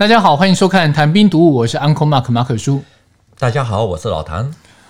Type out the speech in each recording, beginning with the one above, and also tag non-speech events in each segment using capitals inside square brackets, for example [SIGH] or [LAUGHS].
大家好，歡迎收看《譚兵讀武》，我是 Uncle Mark 馬可叔。大家好，我是老譚。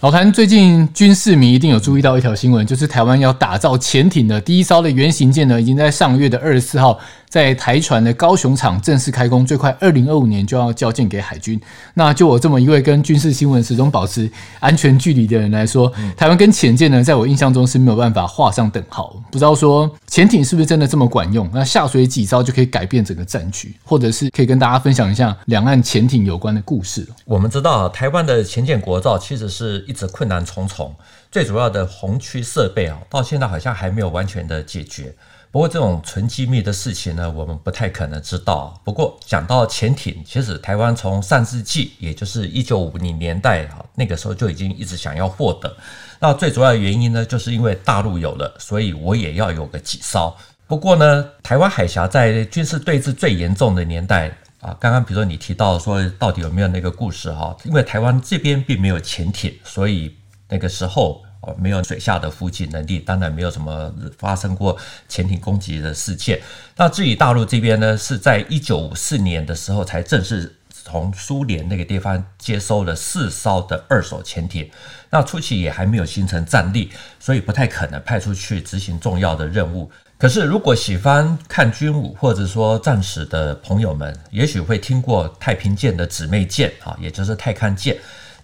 老譚，最近軍事迷一定有注意到一條新聞，就是台灣要打造潛艇的第一艘的原型艦呢，已經在上個月的二十四號。在台船的高雄廠正式開工，最快二零二五年就要交建給海軍。那就我這麼一位跟軍事新聞始終保持安全距離的人來說，台灣跟潛艦呢，在我印象中是沒有辦法畫上等號。不知道說潛艇是不是真的這麼管用？那下水幾招就可以改變整個戰局，或者是可以跟大家分享一下兩岸潛艇有關的故事。我們知道，台灣的潛艦國造其實是一直困難重重，最主要的紅區設備啊，到現在好像還沒有完全的解決。不過這種純機密的事情呢，我們不太可能知道。不過講到潛艇，其實台灣從上世紀，也就是一九五零年代哈，那個時候就已經一直想要獲得。那最主要的原因呢，就是因為大陸有了，所以我也要有個幾艘。不過呢，台灣海峽在軍事對峙最嚴重的年代啊，剛剛比如說你提到說到底有沒有那個故事哈？因為台灣這邊並沒有潛艇，所以那個時候。沒有水下的伏擊能力，當然沒有什麼發生過潛艇攻擊的事件。那至於大陸這邊呢，是在一九五四年的時候才正式從蘇聯那個地方接收了四艘的二手潛艇。那初期也還沒有形成戰力，所以不太可能派出去執行重要的任務。可是，如果喜歡看軍武或者說戰史的朋友們，也許會聽過太平艦的姊妹艦啊，也就是太康艦。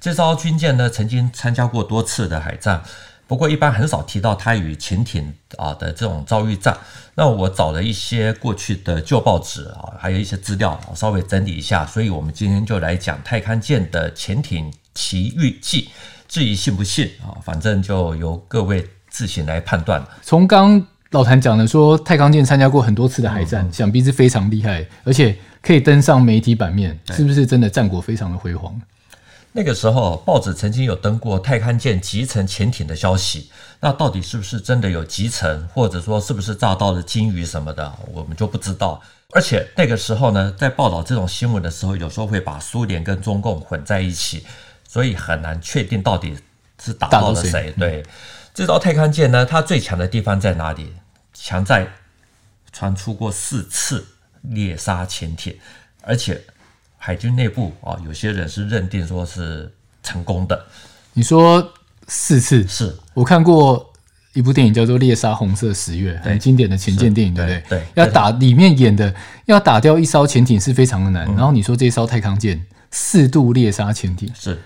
這艘軍艦呢，曾經參加過多次的海戰，不過一般很少提到它與潛艇啊的這種遭遇戰。那我找了一些過去的舊報紙啊，還有一些資料，稍微整理一下。所以，我們今天就來講太康艦的潛艇奇遇記。至於信不信啊，反正就由各位自行來判斷了。從剛老譚講的說，太康艦參加過很多次的海戰，嗯嗯。想必是非常厲害，而且可以登上媒體版面，是不是真的戰果非常的輝煌？嗯那個時候報紙曾經有登過太康艦擊沉潛艇的消息，那到底是不是真的有擊沉，或者說是不是炸到了鯨魚什麼的，我們就不知道。而且那個時候呢，在報道這種新聞的時候，有時候會把蘇聯跟中共混在一起，所以很難確定到底是打到了誰。誰，對，這艘太康艦呢，它最強的地方在哪裡？強在，傳出過四次獵殺潛艇，而且。海軍內部啊，有些人是認定說是成功的。你說四次，是我看過一部電影叫做《獵殺紅色十月》對，很經典的潛艇電影，是對不對？對對對，要打裡面演的，要打掉一艘潛艇是非常的難。嗯、然後你說這一艘太康艦四度獵殺潛艇，是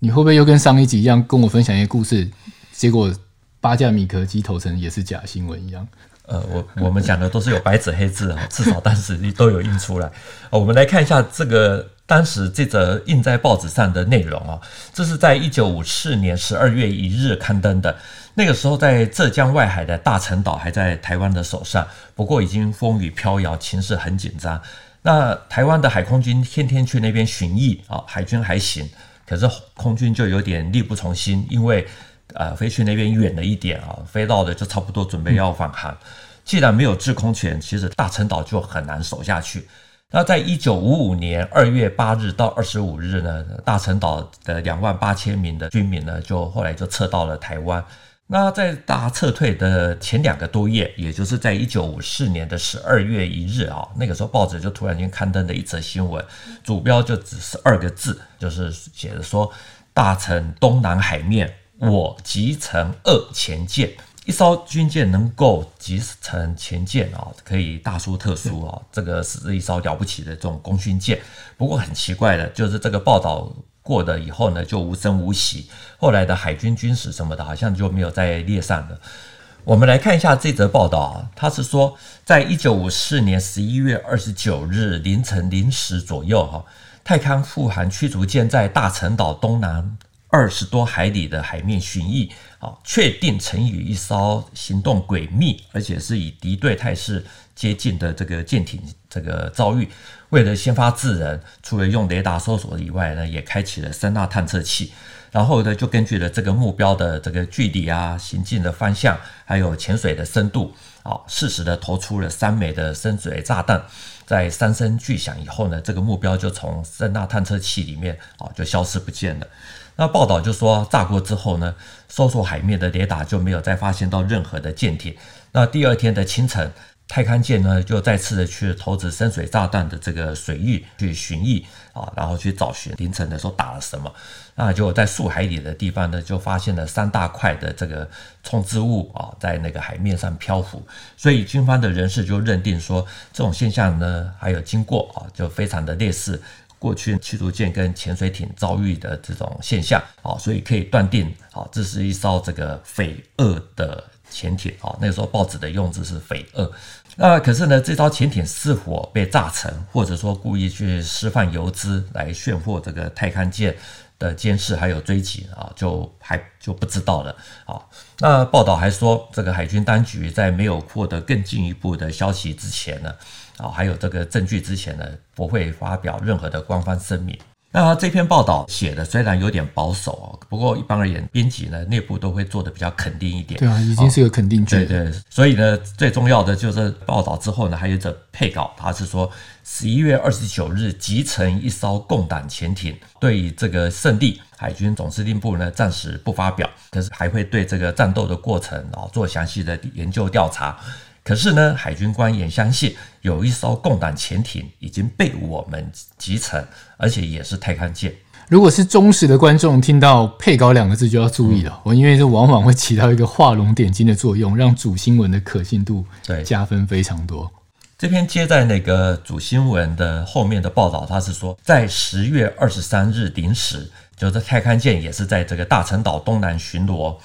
你會不會又跟上一集一樣跟我分享一個故事？結果。八架米格機投誠也是假新聞一樣，呃，我我們講的都是有白紙黑字啊， [LAUGHS] 至少當時都有印出來。呃，我們來看一下這個當時這則印在報紙上的內容啊，這是在一九五四年十二月一日刊登的。那個時候在浙江外海的大陳島還在台灣的手上，不過已經風雨飄搖，情勢很緊張。那台灣的海空軍天天去那邊巡弋啊，呃，海軍還行，可是空軍就有點力不從心，因為。呃，飛去那邊遠了一點啊，飛到的就差不多準備要返航。嗯、既然沒有制空權，其實大陳島就很難守下去。那在一九五五年二月八日到二十五日呢，大陳島的兩萬八千名的軍民呢，就後來就撤到了台灣。那在大撤退的前兩個多月，也就是在一九五四年的十二月一日啊，那個時候報紙就突然間刊登了一則新聞，主標就只是二個字，就是寫着說大陳東南海面。我擊沉二潛艦，一艘軍艦能夠擊沉潛艦啊，可以大書特書啊，是這個是一艘了不起的這種功勳艦。不過很奇怪的，就是這個報道過了以後呢，就無聲無息。後來的海軍軍史什麼的，好像就沒有再列上了。我們來看一下這則報道啊，他是說，在一九五四年十一月二十九日凌晨零時左右哈，太康護航驅逐艦在大陳島東南。二十多海里的海面巡弋，啊，確定成於一艘行動詭秘，而且是以敵對態勢接近的這個艦艇這個遭遇。為了先發制人，除了用雷達搜索以外呢，也開啟了聲納探測器。然後呢，就根據了這個目標的這個距離啊，行進的方向，還有潛水的深度，啊，適時的投出了三枚的深水炸彈。在三聲巨響以後呢，這個目標就從聲納探測器裡面啊，就消失不見了。那報道就說炸過之後呢，搜索海面的雷達就沒有再發現到任何的艦艇。那第二天的清晨，太康艦呢就再次的去投擲深水炸彈的這個水域去巡弋啊，然後去找尋凌晨的時候打了什麼。那就在數海里的地方呢，就發現了三大塊的這個沖織物啊，在那個海面上漂浮。所以軍方的人士就認定說，這種現象呢還有經過啊，就非常的類似。過去驅逐艦跟潛水艇遭遇的這種現象，啊，所以可以斷定，啊。這是一艘這個匪俄的潛艇，啊。那時候報紙的用字是匪俄。那可是呢，這艘潛艇是否被炸沉，或者說故意去釋放油脂來炫惑這個太康艦的監視還有追擊啊，就還就不知道了。啊。那報道還說，這個海軍當局在沒有獲得更進一步的消息之前呢。啊，還有這個證據之前呢，不會發表任何的官方聲明。那他這篇報道寫的雖然有點保守、哦、不過一般而言，編輯呢內部都會做的比較肯定一點。對啊，已經是個肯定句、哦。對對，所以呢，最重要的就是報道之後呢，還有一則配稿，它是說十一月二十九日集成一艘共黨潛艇對於這個勝利海軍總司令部呢暫時不發表，可是還會對這個戰鬥的過程啊、哦、做詳細的研究調查。可是呢，海軍官也相信有一艘共黨潛艇已經被我們擊沉，而且也是太康艦。如果是忠實的觀眾聽到“配稿”兩個字，就要注意了。我、嗯、因為這往往會起到一個畫龍點睛的作用，讓主新聞的可信度加分非常多。這篇接在那個主新聞的後面的報道，它是說在十月二十三日零時，就這太康艦也是在這個大陳島東南巡邏，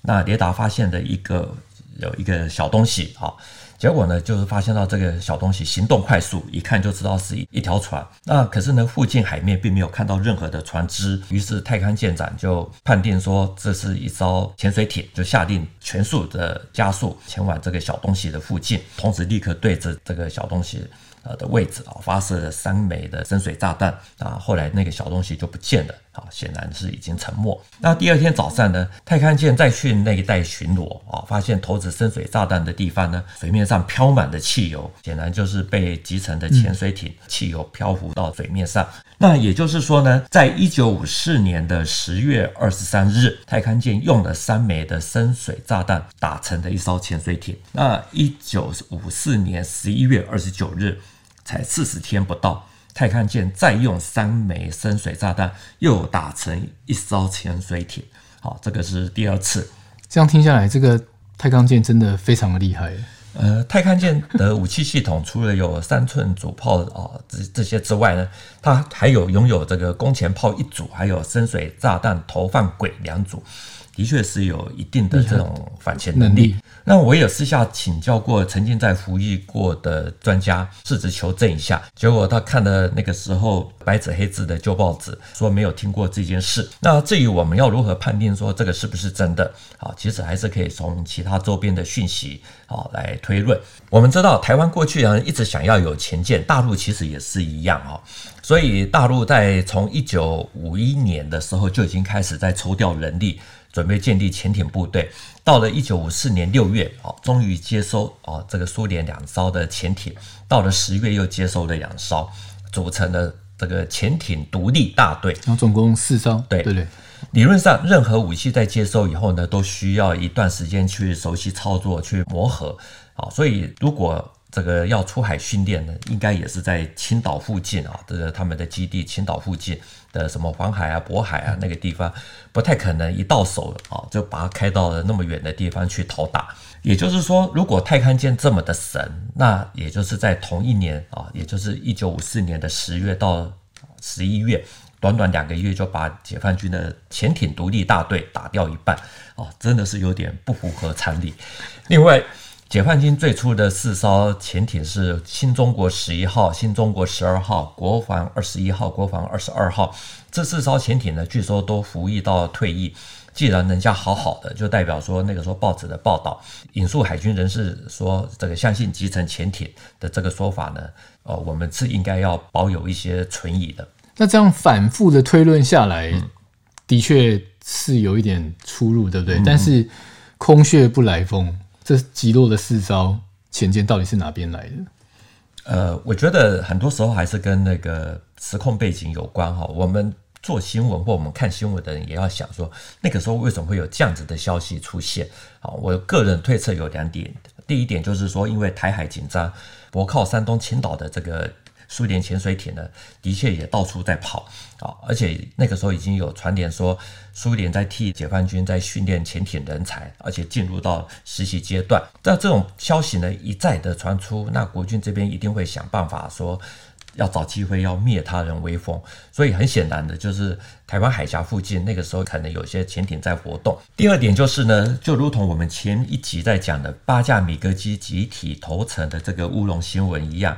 那雷達發現的一個。有一個小東西啊，結果呢，就是發現到這個小東西行動快速，一看就知道是一一條船。那可是呢，附近海面並沒有看到任何的船隻，於是太康艦長就判定說，這是一艘潛水艇，就下定全速的加速前往這個小東西的附近，同時立刻對着這個小東西呃的位置啊發射了三枚的深水炸彈啊，後來那個小東西就不見了。顯然是已經沉沒。那第二天早上呢，太康艦再去那一帶巡邏啊、哦，發現投擲深水炸彈的地方呢，水面上漂滿的汽油，顯然就是被擊沉的潛水艇、嗯、汽油漂浮到水面上。那也就是說呢，在一九五四年的十月二十三日，太康艦用了三枚的深水炸彈打沉的一艘潛水艇。那一九五四年十一月二十九日，才四十天不到。太康艦再用三枚深水炸彈，又打成一艘潛水艇。好，這個是第二次。這樣聽下來，這個太康艦真的非常的厲害。呃，太康艦的武器系統 [LAUGHS] 除了有三寸主炮啊這、哦、這些之外呢，它還有擁有這個攻潛炮一組，還有深水炸彈投放軌兩組。的確是有一定的這種反潛能力。能力。那我也私下請教過曾經在服役過的專家，試着求證一下。結果他看了那個時候白紙黑字的舊報紙，說沒有聽過這件事。那至於我們要如何判定說這個是不是真的？好，其實還是可以從其他周邊的訊息啊來推論。我們知道台灣過去啊一直想要有潛艦，大陸其實也是一樣。所以大陸在從一九五一年的時候就已經開始在抽調人力。準備建立潛艇部隊，到了一九五四年六月，哦，終於接收哦，這個蘇聯兩艘的潛艇，到了十月又接收了兩艘，組成了這個潛艇獨立大隊。然後、哦、總共四艘，對對對。理論上，任何武器在接收以後呢，都需要一段時間去熟悉操作、去磨合，啊、哦，所以如果。這個要出海訓練呢，應該也是在青島附近啊，這個他們的基地青島附近的什麼黃海啊、渤海啊那個地方，不太可能一到手啊就把它開到了那麼遠的地方去討打。也就是說，如果太康艦這麼的神，那也就是在同一年啊，也就是一九五四年的十月到十一月，短短兩個月就把解放軍的潛艇獨立大隊打掉一半，啊，真的是有點不符合常理。另外。解放軍最初的四艘潛艇是新中國十一號、新中國十二號、國防二十一號、國防二十二號。這四艘潛艇呢，據說都服役到退役。既然人家好好的，就代表說那個時候報紙的報道引述海軍人士說這個相信擊沉潛艇的這個說法呢，呃，我們是應該要保有一些存疑的。那這樣反覆的推論下來，嗯、的確是有一點出入，對不對？嗯、但是空穴不來風。這擊落的四艘潛艇到底是哪邊來的？呃，我覺得很多時候還是跟那個時空背景有關哈。我們做新聞或我們看新聞的人也要想說，那個時候為什麼會有這樣子的消息出現？啊，我個人推測有兩點，第一點就是說，因為台海緊張，我靠山東青島的這個。蘇聯潛水艇呢，的確也到處在跑啊、哦，而且那個時候已經有傳言說，蘇聯在替解放軍在訓練潛艇人才，而且進入到實習階段。那這種消息呢，一再的傳出，那國軍這邊一定會想辦法說，要找機會要滅他人威風。所以很顯然的，就是台灣海峽附近那個時候可能有些潛艇在活動。第二點就是呢，就如同我們前一集在講的八架米格機集體投誠的這個烏龍新聞一樣。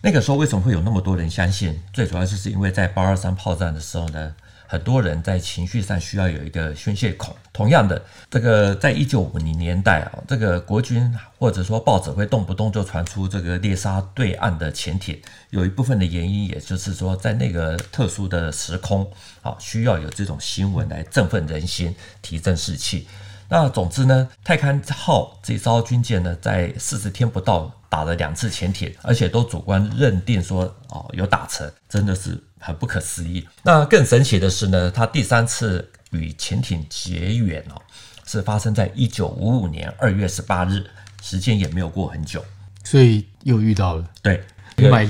那個時候為什麼會有那麼多人相信？最主要就是因為在八二三炮戰的時候呢，很多人在情緒上需要有一個宣洩口。同樣的，這個在一九五零年代啊，這個國軍或者說報紙會動不動就傳出這個獵殺對岸的潛艇，有一部分的原因，也就是說在那個特殊的時空啊，需要有這種新聞來振奮人心，提振士氣。那總之呢，太康號這艘軍艦呢，在四十天不到打了兩次潛艇，而且都主觀認定說，哦，有打沉，真的是很不可思議。那更神奇的是呢，它第三次與潛艇結緣哦，是發生在一九五五年二月十八日，時間也沒有過很久，所以又遇到了。對。買、嗯、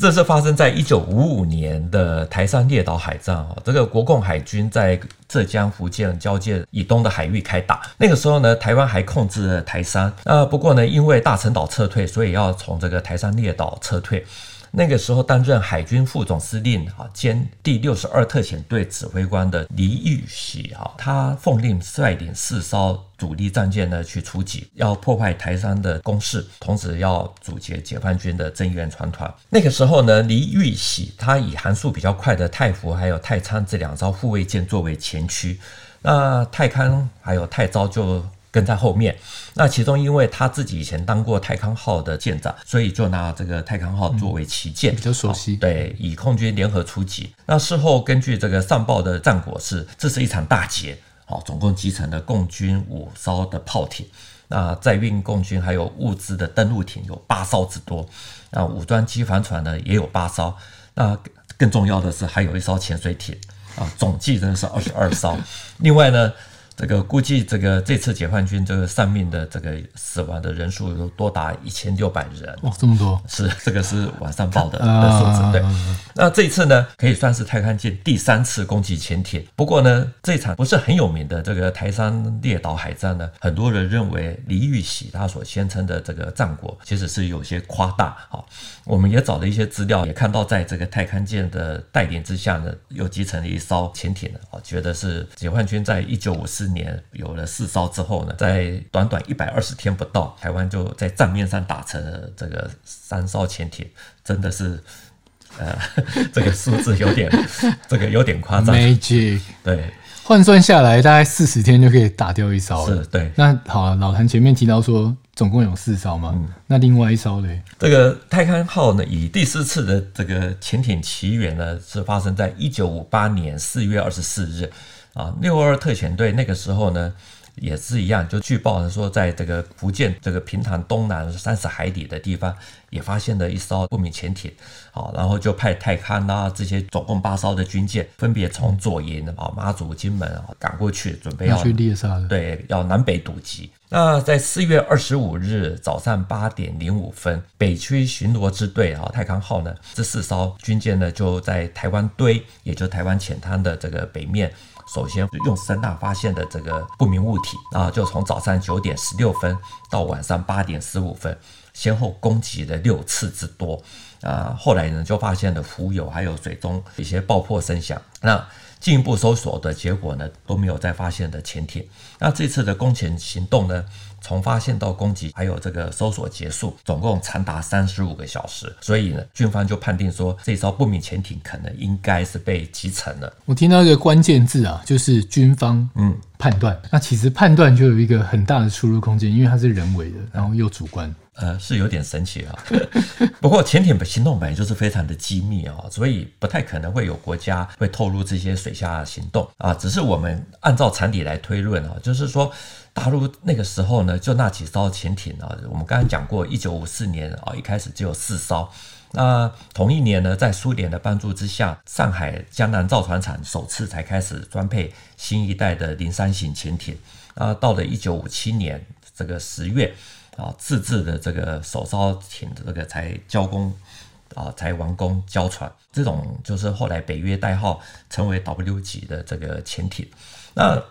這是發生在一九五五年的台山列島海戰啊！這個國共海軍在浙江、福建交界以東的海域開打。那個時候呢，台灣還控制了台山。不過呢，因為大陳島撤退，所以要從這個台山列島撤退。那個時候，擔任海軍副總司令兼第六十二特遣隊指揮官的黎玉璽哈，他奉令率領四艘主力戰艦呢去出擊，要破壞台山的工事，同時要阻截解放軍的增援船團。那個時候呢，黎玉璽他以航速比較快的太福還有太倉這兩艘護衛艦作為前驅，那太康還有太昭就。跟在後面，那其中因為他自己以前當過太康號的艦長，所以就拿這個太康號作為旗艦，嗯、比較熟悉、哦。對，以空軍聯合出擊。那事後根據這個上報的戰果是，這是一場大捷，好、哦、總共擊沉了共軍五艘的炮艇，那載運共軍還有物資的登陸艇有八艘之多，那武裝機帆船呢也有八艘。那更重要的是還有一艘潛水艇，啊，總計真的是二十二艘。 [LAUGHS] 另外呢。這個估計，這個這次解放軍這個上面的這個死亡的人數都多達一千六百人，哇，這麼多，是這個是網上報的數字、 [LAUGHS] 啊，對。啊啊啊、那這次呢，可以算是太康艦第三次攻擊潛艇。不過呢，這場不是很有名的這個台山列島海戰呢，很多人認為黎玉璽他所宣稱的這個戰果其實是有些誇大、哦、我們也找了一些資料，也看到在這個太康艦的帶領之下呢，又擊沉了一艘潛艇、哦、覺得是解放軍在1954。年有了四艘之後呢，在短短一百二十天不到，台灣就在賬面上打成了這個三艘潛艇，真的是、呃、這個數字有點， [LAUGHS] 這個有點誇張。m Magic . a 對，換算下來大概四十天就可以打掉一艘了。是，對。那好了、啊，老譚前面提到說總共有四艘嘛，嗯、那另外一艘呢？這個“太康號”呢，以第四次的這個潛艇奇緣呢，是發生在一九五八年四月二十四日。啊，六二特遣隊那個時候呢，也是一樣，就據報呢說，在這個福建這個平潭東南三十海里的地方，也發現了一艘不明潛艇。好、啊，然後就派太康啊這些總共八艘的軍艦，分別從左營啊、馬祖、金門啊趕過去，準備要去獵殺。對，要南北堵截。那在四月二十五日早上八點零五分，北區巡邏支隊啊，太康號呢，這四艘軍艦呢就在台灣堆，也就台灣淺灘的這個北面。首先用聲納發現的這個不明物體啊，就從早上九點十六分到晚上八點十五分，先後攻擊了六次之多啊。後來呢，就發現了浮油還有水中一些爆破聲響。那進一步搜索的結果呢，都沒有再發現的潛艇。那這次的攻潛行動呢，從發現到攻擊，還有這個搜索結束，總共長達三十五個小時，所以呢，軍方就判定說，這艘不明潛艇可能應該是被擊沉了。我聽到一個關鍵字啊，就是軍方判斷嗯，判斷。那其實判斷就有一個很大的出入空間，因為它是人為的，然後又主觀。嗯、呃，是有點神奇啊。 [LAUGHS] 不過潛艇的行動本來就是非常的機密啊，所以不太可能會有國家會透露這些水下行動啊。只是我們按照常理來推論啊，就是說。大陸那個時候呢，就那幾艘潛艇啊。我們剛剛講過，一九五四年啊、哦，一開始只有四艘。那同一年呢，在蘇聯的幫助之下，上海江南造船廠首次才開始裝配新一代的零三型潛艇。那到了一九五七年這個十月啊，自制的這個首艘艇的這個才交工啊，才完工交船。這種就是後來北約代號成為 W 級的這個潛艇。那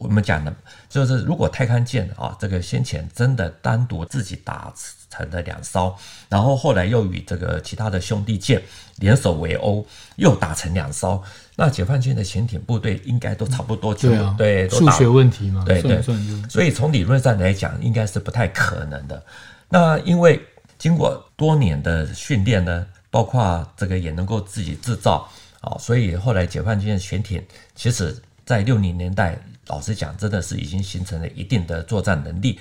我們講的，就是如果太康艦啊，這個先前真的單獨自己打成了兩艘，然後後來又與這個其他的兄弟艦聯手圍毆，又打成兩艘，那解放軍的潛艇部隊應該都差不多就對啊，數學問題嘛對，對對，所以從理論上來講，應該是不太可能的。那因為經過多年的訓練呢，包括這個也能夠自己制造啊，所以後來解放軍的潛艇其實，在六零年代。老實講，真的是已經形成了一定的作戰能力。